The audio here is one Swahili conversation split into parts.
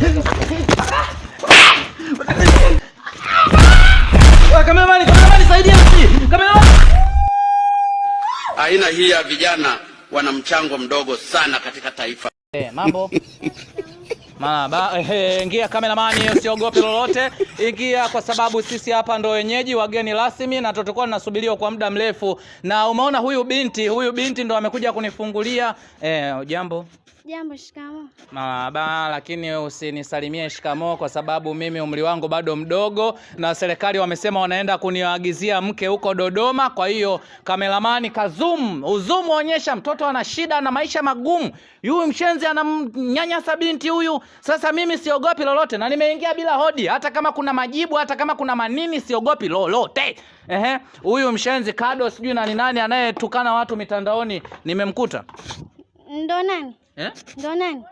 Ah, Aina hii ya vijana wana mchango mdogo sana katika taifa. Eh, mambo. Mara eh, ingia kameramani, eh, usiogope lolote. Ingia kwa sababu sisi hapa ndo wenyeji, wageni rasmi, na tutakuwa tunasubiriwa kwa muda mrefu. Na umeona huyu binti, huyu binti ndo amekuja kunifungulia eh, jambo Jambo, shikamo. Mama, lakini usinisalimie shikamo kwa sababu mimi umri wangu bado mdogo na serikali wamesema wanaenda kuniagizia mke huko Dodoma. Kwa hiyo kameramani, kazum uzum, onyesha mtoto ana shida na maisha magumu, huyu mshenzi anamnyanyasa binti huyu. Sasa mimi siogopi lolote, na nimeingia bila hodi, hata kama kuna majibu, hata kama kuna manini, siogopi lolote. Ehe, huyu mshenzi kado, sijui nani nani anayetukana watu mitandaoni, nimemkuta ndo nani Eh? Ndio nani?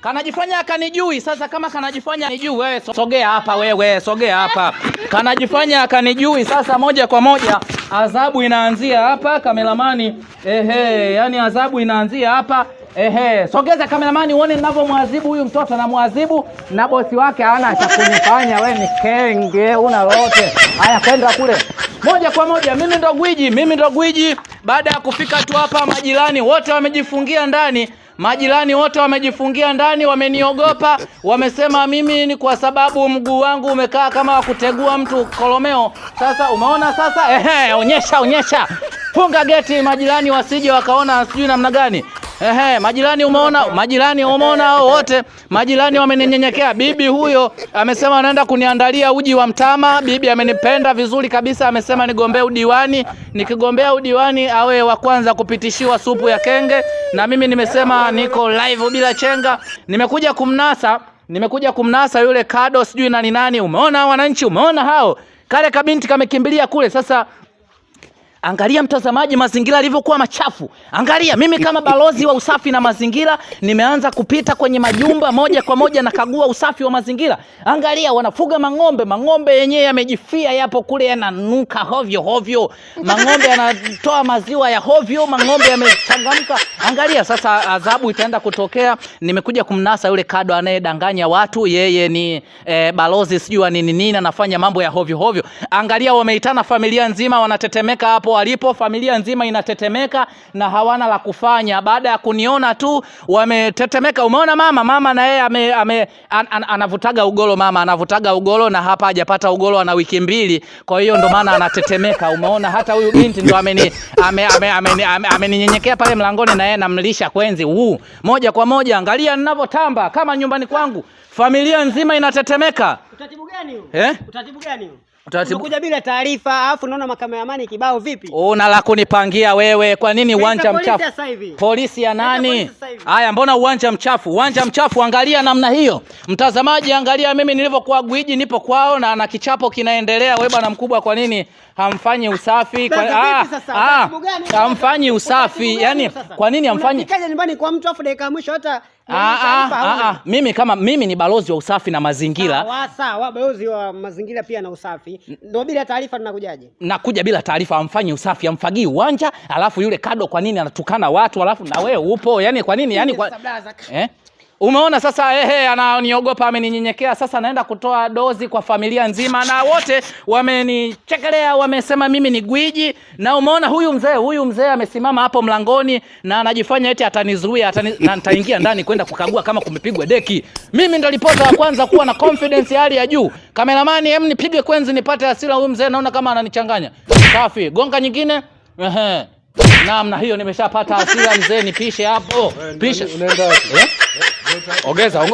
Kanajifanya akanijui. Sasa kama kanajifanya anijui, wewe sogea hapa, wewe sogea hapa. Kanajifanya akanijui. Sasa moja kwa moja adhabu inaanzia hapa kameramani. Ehe, yani adhabu inaanzia hapa. Ehe, sogeza kameramani uone ninavyomwadhibu huyu mtoto, namwadhibu na bosi wake hana cha kunifanya. Wewe ni kenge, una lolote? Haya, kwenda kule moja kwa moja. Mimi ndo gwiji, mimi ndo gwiji. Baada ya kufika tu hapa, majirani wote wamejifungia ndani Majirani wote wamejifungia ndani, wameniogopa, wamesema mimi ni kwa sababu mguu wangu umekaa kama wakutegua mtu kolomeo. Sasa umeona sasa, ehe, onyesha onyesha, funga geti, majirani wasije wakaona sijui namna gani. Ehe, majirani umeona, majirani umeona hao wote, majirani wameninyenyekea. Bibi huyo amesema anaenda kuniandalia uji wa mtama. Bibi amenipenda vizuri kabisa, amesema nigombee udiwani, nikigombea udiwani awe wa kwanza kupitishiwa supu ya kenge, na mimi nimesema niko live bila chenga, nimekuja kumnasa nimekuja kumnasa yule kado sijui nani nani. Umeona wananchi, umeona hao, kale kabinti kamekimbilia kule sasa. Angalia mtazamaji, mazingira yalivyokuwa machafu. Angalia mimi kama balozi wa usafi na mazingira, nimeanza kupita kwenye majumba moja kwa moja, nakagua usafi wa mazingira. Angalia wanafuga mang'ombe, mang'ombe yenyewe yamejifia, yapo kule yananuka hovyo hovyo, mang'ombe yanatoa maziwa ya hovyo, mang'ombe yamechangamka. Angalia sasa, adhabu itaenda kutokea. Nimekuja kumnasa yule kado anayedanganya watu, yeye ni eh, balozi sijui wa nini nini, anafanya mambo ya hovyo hovyo. Angalia wameitana familia nzima, wanatetemeka hapo hapo walipo, familia nzima inatetemeka na hawana la kufanya. Baada ya kuniona tu wametetemeka. Umeona mama, mama na yeye ame, ame an, an, anavutaga ugolo, mama anavutaga ugolo na hapa hajapata ugolo, ana wiki mbili, kwa hiyo ndo maana anatetemeka. Umeona, hata huyu binti ndo ameni ameninyenyekea ame, ame, ame, ame pale mlangoni, na yeye namlisha kwenzi huu moja kwa moja. Angalia ninavyotamba kama nyumbani kwangu, familia nzima inatetemeka. Utaratibu gani huu? Eh? Utaratibu gani huu? Utaratibu bila taarifa, alafu naona amani kibao vipi? Una oh, la kunipangia wewe? Kwa nini uwanja mchafu? Polisi ya nani? Haya, mbona uwanja mchafu? Uwanja mchafu, angalia namna hiyo. Mtazamaji, angalia mimi nilivyokuwa gwiji, nipo kwao na na kichapo kinaendelea. Wewe bwana mkubwa, kwa nini hamfanyi usafi kwa, ah, sasa? aa, ah, gani? hamfanyi usafi yani, yaani kwa nini hamfanyi nyumbani kwa mtu afu dakika mwisho hata Ah, ah, ah, ah. Mimi kama mimi ni balozi wa usafi na mazingira. Sawa sawa, balozi wa mazingira pia na usafi. Ndio bila taarifa tunakujaje? Nakuja bila taarifa, amfanyi usafi, amfagii uwanja, alafu yule kado kwa nini anatukana watu, alafu na wewe upo. Yaani kwa nini? Yaani kwa eh? Umeona sasa, ehe, ananiogopa ameninyenyekea. Sasa naenda kutoa dozi kwa familia nzima, na wote wamenichekelea, wamesema mimi ni gwiji. Na umeona huyu mzee, huyu mzee amesimama hapo mlangoni na anajifanya eti atanizuia atani, na nitaingia ndani kwenda kukagua kama kumepigwa deki. Mimi ndo ripota wa kwanza kuwa na confidence hali ya juu. Kameramani, hem, nipige kwenzi nipate hasira. Huyu mzee naona kama ananichanganya. Safi, gonga nyingine. Ehe, namna hiyo nimeshapata hasira. Mzee nipishe hapo, pisha unaenda wapi? Eh? Ongeza,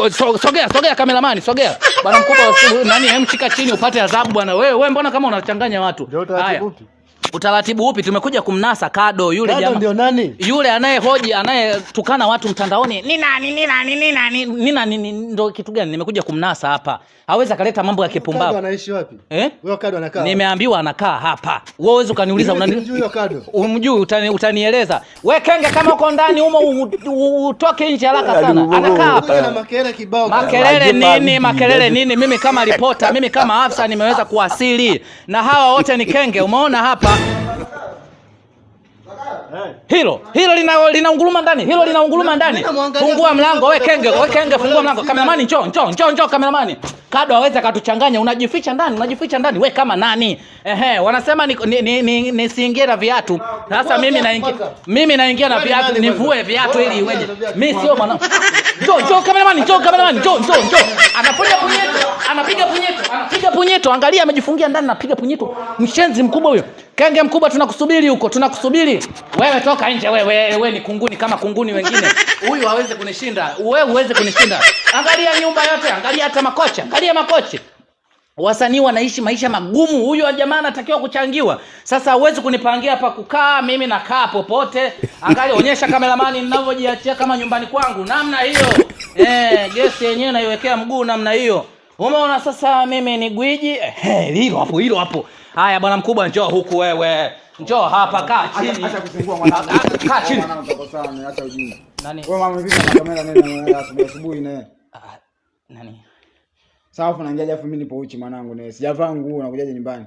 sogea, sogea kameramani, sogea. Bwana mkubwa nani, hem, chika chini upate adhabu bwana. Wewe, wewe mbona kama unachanganya watu? Haya. Utaratibu upi? Tumekuja kumnasa Kado yule jamaa. Ndio nani? Yule anayehoji anayetukana watu mtandaoni. Ni nani? Ni nani? Ni nani? Ni nani? Ndio kitu gani? Nimekuja kumnasa hapa. Hawezi akaleta mambo ya kipumbavu. Kado anaishi wapi? Eh? Huyo Kado anakaa. Nimeambiwa anakaa hapa. Wewe uweze ukaniuliza unanijui huyo Kado? Umjui utani, utanieleza. Wewe kenge kama uko ndani humo utoke nje haraka yaani sana. Anakaa hapa. makelele kibao. Makelele nini? Makelele nini? Mimi kama ripota, mimi kama afsa nimeweza kuwasili na hawa wote ni kenge. Umeona hapa? Hilo hilo lina linaunguruma ndani. Hilo linaunguruma ndani. Fungua mlango wewe kenge, wewe kenge fungua mlango. Kameramani njoo, njoo, njoo, njoo kameramani. Kado aweze akatuchanganya. Unajificha ndani, unajificha ndani. Wewe kama nani? Ehe, wanasema ni ni, ni, ni, ni na viatu. Sasa mimi naingia. Mimi naingia na viatu, nivue viatu ili iweje? Mimi sio mwanamke njoo njoo kameramani, njoo kameramani, njoo njoo njoo. Anapiga punyeto, anapiga punyeto, anapiga punyeto. Angalia amejifungia ndani anapiga punyeto. Mshenzi mkubwa huyo. Kenge mkubwa tunakusubiri huko, tunakusubiri. Wewe toka nje wewe, wewe ni kunguni kama kunguni wengine. Huyu hawezi kunishinda. Wewe uweze kunishinda. Angalia nyumba yote, angalia hata makocha, angalia makochi wasanii wanaishi maisha magumu. Huyo jamaa anatakiwa kuchangiwa. Sasa hawezi kunipangia pa kukaa, mimi nakaa popote. Angalia, onyesha kameramani ninavyojiachia kama nyumbani kwangu, namna hiyo eh, gesi yenyewe naiwekea mguu namna hiyo. Umeona sasa, mimi ni gwiji hilo hapo, hilo hapo. Haya bwana mkubwa, njoo huku wewe, njoo hapa, kaa chini, kaa chini. Nani mama, asubuhi Sawa, unaingia jafu mimi nipo uchi mwanangu na sijavaa nguo na kujaje nyumbani.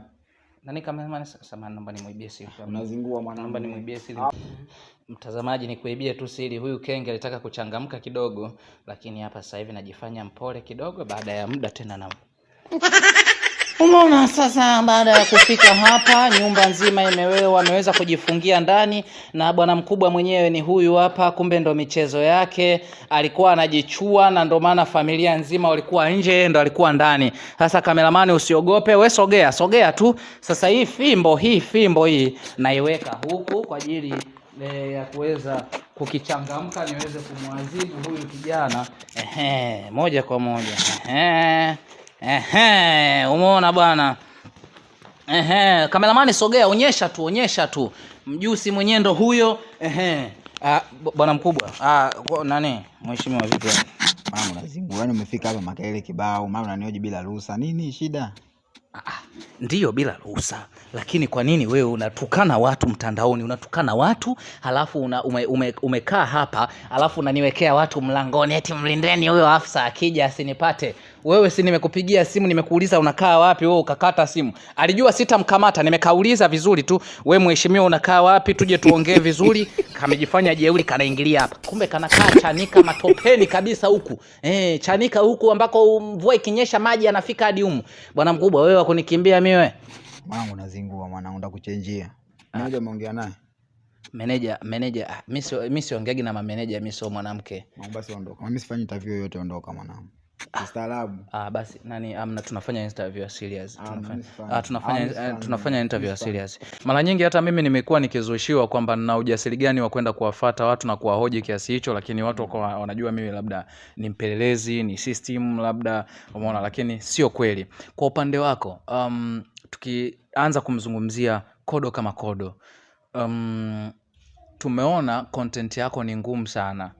Nani kama samahani, Unazingua ah. Mtazamaji, nikuibie tu siri, huyu kenge alitaka kuchangamka kidogo, lakini hapa sasa hivi najifanya mpole kidogo, baada ya muda tena na Umeona sasa, baada ya kufika hapa, nyumba nzima imewewa, wameweza kujifungia ndani, na bwana mkubwa mwenyewe ni huyu hapa. Kumbe ndo michezo yake, alikuwa anajichua, na ndo maana familia nzima walikuwa nje, ndo alikuwa ndani. Sasa kameramani, usiogope we, sogea sogea tu. Sasa hii fimbo hii fimbo hii naiweka huku kwa ajili eh, ya kuweza kukichangamka niweze kumwadhibu huyu kijana ehe, moja kwa moja ehe. Ehe, umeona bwana. Ehe, kameramani sogea, onyesha tu, onyesha tu. Mjusi mwenyewe ndo huyo. Ehe. Ah, bwana mkubwa. Ah, nani? Mheshimiwa vipi Mama lazima. Wewe umefika hapa makaele kibao, mama unanioje bila ruhusa. Nini shida? Ah, ah, ndio bila ruhusa, lakini kwa nini wewe unatukana watu mtandaoni? Unatukana watu halafu una, ume, ume, umekaa hapa halafu unaniwekea watu mlangoni, eti mlindeni huyo afisa akija asinipate wewe, si nimekupigia simu nimekuuliza unakaa wapi, wewe ukakata simu. Alijua sitamkamata, nimekauliza vizuri tu, we mheshimiwa, unakaa wapi, tuje tuongee vizuri. Kamejifanya jeuri, kanaingilia hapa, kumbe kanakaa Chanika matopeni kabisa huku eh, Chanika huku ambako mvua ikinyesha maji yanafika hadi humu. Bwana mkubwa, wewe wakunikimbia mimi wewe mwanangu, nazingua mwanangu, ndakuchenjia ah. mmoja. Umeongea naye meneja? Meneja ah, mimi siongeagi na mameneja, mimi sio mwanamke. Basi ondoka, mimi sifanyi interview yote ondoka mwanangu. Ah. ah, basi nani amna ah, tunafanya interview serious. ah, tunafanya ah, tunafanya interview serious. Mara nyingi hata mimi nimekuwa nikizushiwa kwamba nina ujasiri gani wa kwenda kuwafata watu na kuwahoji kiasi hicho, lakini watu kwa wanajua mimi labda ni mpelelezi, ni system labda umeona, lakini sio kweli. Kwa upande wako, um, tukianza kumzungumzia Kodo kama Kodo. Um, tumeona content yako ni ngumu sana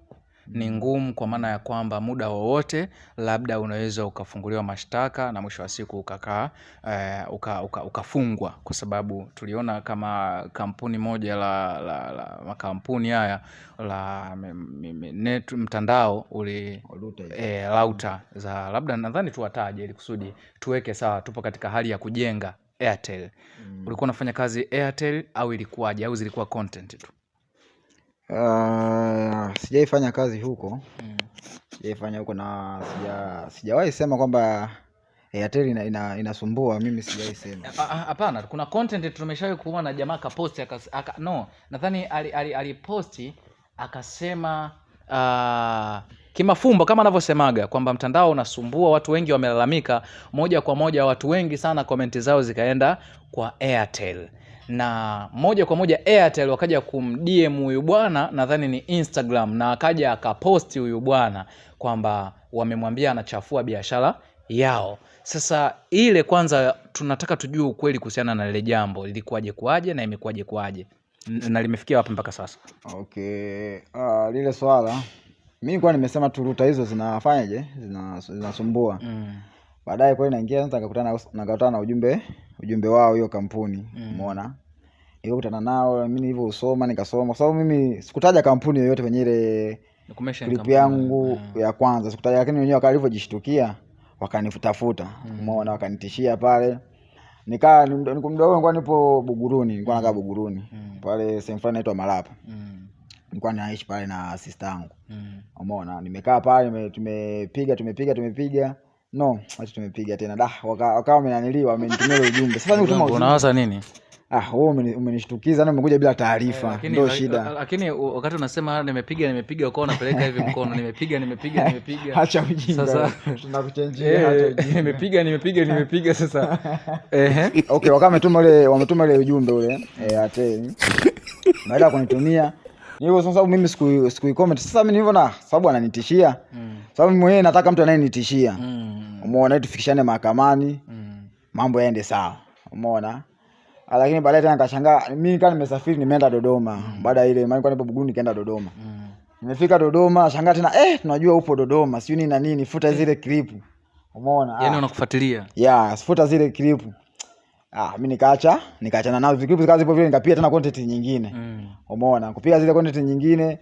ni ngumu kwa maana ya kwamba muda wowote labda unaweza ukafunguliwa mashtaka na mwisho wa siku ukakaa uh, uka, uka, ukafungwa kwa sababu tuliona kama kampuni moja la, la, la makampuni haya la net mtandao uli e, lauta eh, za labda nadhani tuwataje ili kusudi tuweke sawa, tupo katika hali ya kujenga Airtel. Mm. Ulikuwa unafanya kazi Airtel au ilikuwaje au zilikuwa content tu? Ah, sijaifanya kazi huko mm. Sijaifanya huko na sija sijawahi sema kwamba Airtel eh, ina, ina, inasumbua. Mimi sijawahi sema hapana. Kuna content tumeshawahi kuona jamaa kaposti akas, aka, no nadhani aliposti akasema uh, kimafumbo kama anavyosemaga kwamba mtandao unasumbua, watu wengi wamelalamika. Moja kwa moja watu wengi sana komenti zao zikaenda kwa Airtel na moja kwa moja Airtel wakaja kumdm huyu bwana, nadhani ni Instagram, na akaja akaposti huyu bwana kwamba wamemwambia anachafua biashara yao. Sasa ile kwanza, tunataka tujue ukweli kuhusiana na lile jambo, lilikuwaje kuaje na imekuwaje kuaje na limefikia wapi mpaka sasa? Okay. Uh, lile swala mi nilikuwa nimesema turuta hizo zinafanyaje, zinasumbua zina mm baadaye kweli naingia sasa, nikakutana nikakutana na ujumbe ujumbe wao hiyo kampuni mm. umeona mm. hiyo Nilikutana nao mimi nilivyo usoma nikasoma, kwa sababu mimi sikutaja kampuni yoyote kwenye ile clip yangu yeah. ya kwanza sikutaja, lakini wenyewe walivyojishtukia wakanifutafuta mm. umeona mm. wakanitishia pale nikaa nikumda huo nilikuwa nipo Buguruni, nilikuwa nakaa mm. Buguruni mm. pale sehemu fulani inaitwa Malapa mm. nilikuwa naishi pale na sister yangu mm. umeona, nimekaa pale tumepiga tumepiga tumepiga No, acha tumepiga tena. Da, wakawa wamenaniliwa, wamenitumia ujumbe. Sasa nikutuma ujumbe. Unawaza nini? Ah, wewe umenishtukiza na umekuja bila taarifa. Eh, Ndio shida. Lakini wakati unasema nimepiga nimepiga ukawa unapeleka hivi mkono nimepiga nimepiga nimepiga. Acha ujinga. Sasa tunakuchenjea acha eh, ujinga. Nimepiga nimepiga nimepiga sasa. Ehe. Okay, wakawa wametuma ile wametuma ile ujumbe ule. Eh, ate. Baada kunitumia Nilivyo sasa mimi siku siku comment. Sasa mimi nilivyo na sababu ananitishia. Mm. Sababu mimi nataka mtu anayenitishia. Mm umeona, tufikishane mahakamani mm. mambo yaende sawa, umeona. Ah, lakini baadaye tena nikashangaa, mimi nikawa nimesafiri nimeenda Dodoma mm. baada ya ile imani kwa nipo Buguni nikaenda Dodoma mm. nimefika Dodoma, shangaa tena eh, tunajua upo Dodoma, sio nini na nini, futa zile clip, umeona, yani ah. unakufuatilia yeah, futa zile clip Ah, mi nikaacha nikaachana nao vikipu zikawa zipo vile, nikapiga tena content nyingine mm. Umeona, kupiga zile content nyingine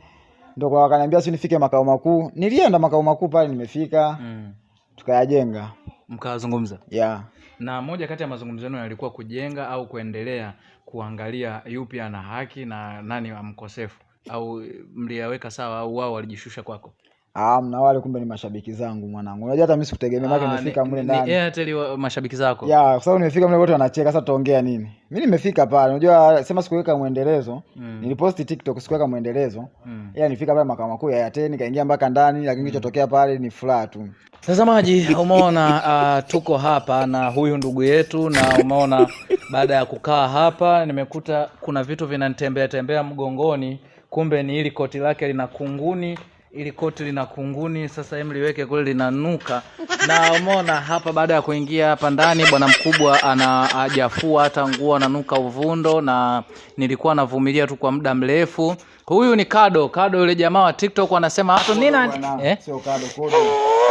ndo kwa wakaniambia si nifike makao makuu. Nilienda makao makuu pale, nimefika mm tukayajenga mkazungumza yeah. Na moja kati ya mazungumzo yenu yalikuwa kujenga au kuendelea kuangalia yupi ana haki na nani amkosefu, au mliyaweka sawa au wao walijishusha kwako? Ah, mnawale kumbe ni mashabiki zangu mwanangu. Unajua hata mimi sikutegemea maana ah, nimefika mle ndani. Ni Airtel mashabiki zako. Ya, kwa sababu nimefika mle wote wanacheka, sasa tutaongea nini? Mimi nimefika pale. Unajua sema sikuweka muendelezo. Mm. Niliposti TikTok sikuweka muendelezo. Mm. Ya nifika pale makao makuu ya Airtel nikaingia mpaka ndani, lakini kilichotokea mm. pale ni furaha tu. Sasa maji umeona uh, tuko hapa na huyu ndugu yetu na umeona baada ya kukaa hapa nimekuta kuna vitu vinanitembea tembea mgongoni, kumbe ni ili koti lake lina kunguni ili koti lina kunguni, sasa hem liweke kule linanuka. Na umeona hapa, baada ya kuingia hapa ndani, bwana mkubwa ana ajafua hata nguo, ananuka uvundo, na nilikuwa navumilia tu kwa muda mrefu. Huyu ni Kado. Kado yule jamaa wa TikTok anasema hapo nina eh, sio Kado Kodo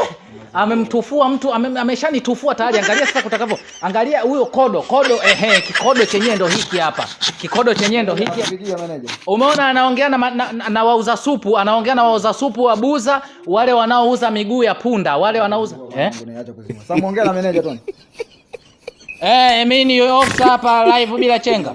Eh, amemtufua mtu ameshanitufua ameshanitufua tayari. Angalia sasa kutakavyo, angalia huyo kodo kodo, ehe, kikodo chenyewe ndo hiki hapa, kikodo chenyewe ndo hiki. Umeona, anaongea na, na, na wauza supu, anaongea na wauza supu wa buza, wale wanaouza miguu ya punda, wale wanauza eh, eh, mimi ni hapa live bila chenga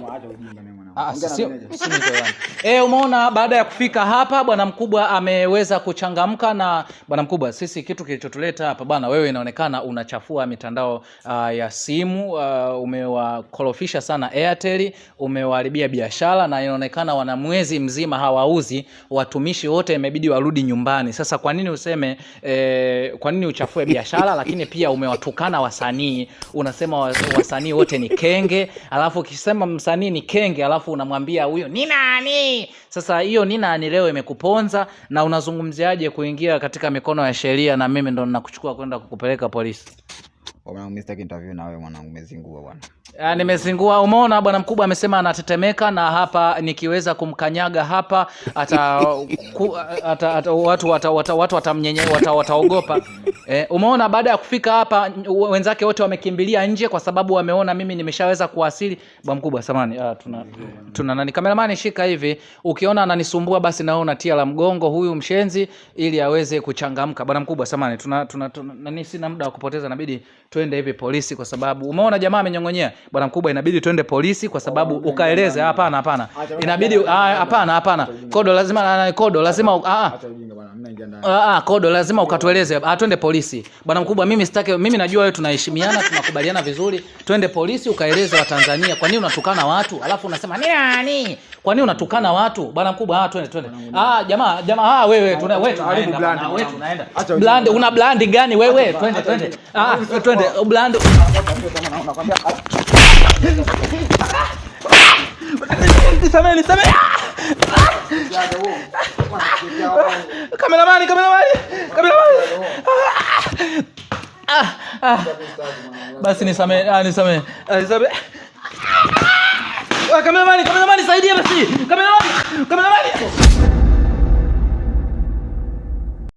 E, umeona baada ya kufika hapa bwana mkubwa ameweza kuchangamka. Na bwana mkubwa, sisi kitu kilichotuleta hapa bwana, wewe inaonekana unachafua mitandao uh, ya simu uh, umewakorofisha sana Airtel, umewaharibia biashara, na inaonekana wana mwezi mzima hawauzi, watumishi wote imebidi warudi nyumbani. Sasa kwa nini useme eh, kwa nini uchafue biashara? Lakini pia umewatukana wasanii, unasema wasanii wote ni kenge, alafu ukisema msanii ni kenge alafu alafu unamwambia huyo ni nani? Sasa hiyo ni nani leo imekuponza, na unazungumziaje kuingia katika mikono ya sheria, na mimi ndo ninakuchukua kwenda kukupeleka polisi? Mwanangu mimi na wewe mwanangu, umezingua bwana. Ah, nimezingua. Umeona bwana mkubwa amesema anatetemeka, na hapa nikiweza kumkanyaga hapa ata, ku, ata, ata watu wata, watu watamnyenye wata, wataogopa. Eh, umeona baada ya kufika hapa wenzake wote wamekimbilia nje kwa sababu wameona mimi nimeshaweza kuwasili. Bwana mkubwa samani, ah, tuna tuna nani kameramani, shika hivi. Ukiona ananisumbua basi na wewe unatia la mgongo huyu mshenzi ili aweze kuchangamka. Bwana mkubwa samani, tuna, tuna, tuna nani, sina muda wa kupoteza, nabidi tu twende hivi polisi, kwa sababu umeona jamaa amenyong'onyea, bwana mkubwa, inabidi twende polisi kwa sababu ukaeleze. Hapana, hapana, inabidi hapana, hapana, kodo lazima, kodo lazima, a a, kodo lazima ukatueleze, twende polisi. Bwana mkubwa, mimi sitaki, mimi najua wewe, tunaheshimiana tunakubaliana vizuri, twende polisi, ukaeleze Watanzania kwa nini unatukana watu alafu unasema nani kwa nini unatukana watu? Bwana mkubwa, ah, twende twende. Ah, jamaa jamaa, ah, wewe tuna wewe tunaenda. Wewe tunaenda. blandi una blandi gani wewe? Twende twende. Ah, twende blind. Unakwambia Sameni, sameni. Kameramani, kameramani, kameramani. Ah, ah. Basi nisamee, ah, nisamee, nisamee. Kameramani, kameramani saidia basi. Kameramani, kameramani.